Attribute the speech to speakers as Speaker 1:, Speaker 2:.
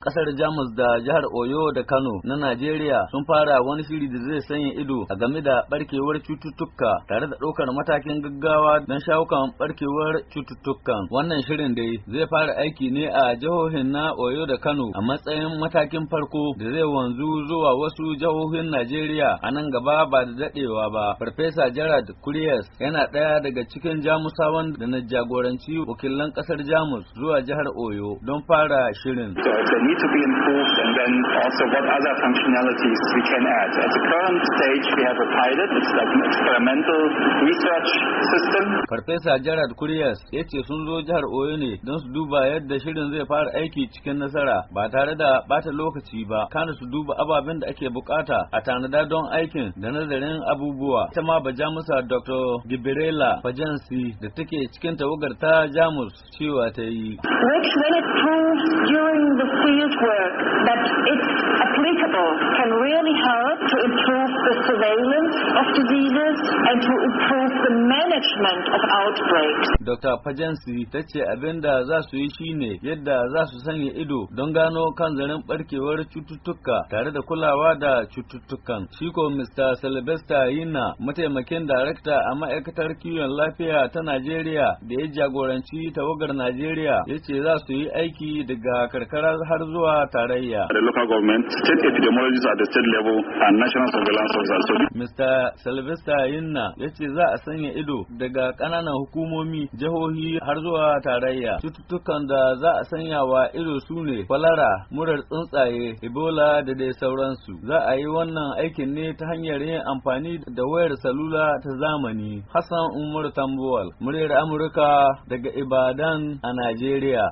Speaker 1: Kasar Jamus da jihar Oyo da Kano na Najeriya sun fara wani shiri da zai sanya ido a game da barkewar cututtuka tare da ɗaukar matakin gaggawa don shawo barkewar cututtukan. Wannan shirin dai zai fara aiki ne a jihohin na Oyo da Kano a matsayin matakin farko da zai wanzu zuwa wasu jihohin Najeriya a nan gaba ba da daɗewa ba. Farfesa Gerard Kuriyas yana ɗaya daga cikin Jamusawan da na jagoranci wakilan kasar Jamus zuwa jihar Oyo don fara shirin.
Speaker 2: need to be improved, and then also what other functionalities we can add. At the current stage, we have a pilot. It's like an experimental research system.
Speaker 1: Farfesa Gerard kurias ya ce sun zo jihar Oyo ne don su duba yadda shirin zai fara aiki cikin nasara ba tare da bata lokaci ba, kana su duba ababen da ake bukata a tanada don aikin da nazarin abubuwa. Ita ma ba jamusa Dr. Gibirela Fajansi da take cikin tawagar ta Jamus cewa ta yi.
Speaker 2: Which when it proves work, but it's applicable can really help to improve the surveillance of diseases and to improve the management of outbreaks.
Speaker 1: Dr. Pajansi ta ce abin da za su yi shine yadda za su sanya ido don gano kan zarin barkewar cututtuka tare da kulawa da cututtukan. Shiko Mr. Sylvester Yina, mataimakin darakta a ma'aikatar kiwon lafiya ta Najeriya da ya jagoranci tawagar Najeriya ya ce za su yi aiki daga karkara har zuwa tarayya. The
Speaker 2: local government, state epidemiologists are the state level and national surveillance officers. So,
Speaker 1: Mr. Sylvester Yinna ya ce za a sanya ido daga ƙananan hukumomi jihohi har zuwa tarayya. Cututtukan da za a sanya wa ido sune ne kwalara, murar tsuntsaye, ebola da dai sauransu. Za a yi wannan aikin ne ta hanyar yin amfani da wayar salula ta zamani. Hassan Umar Tambuwal, muryar Amurka daga Ibadan a Najeriya.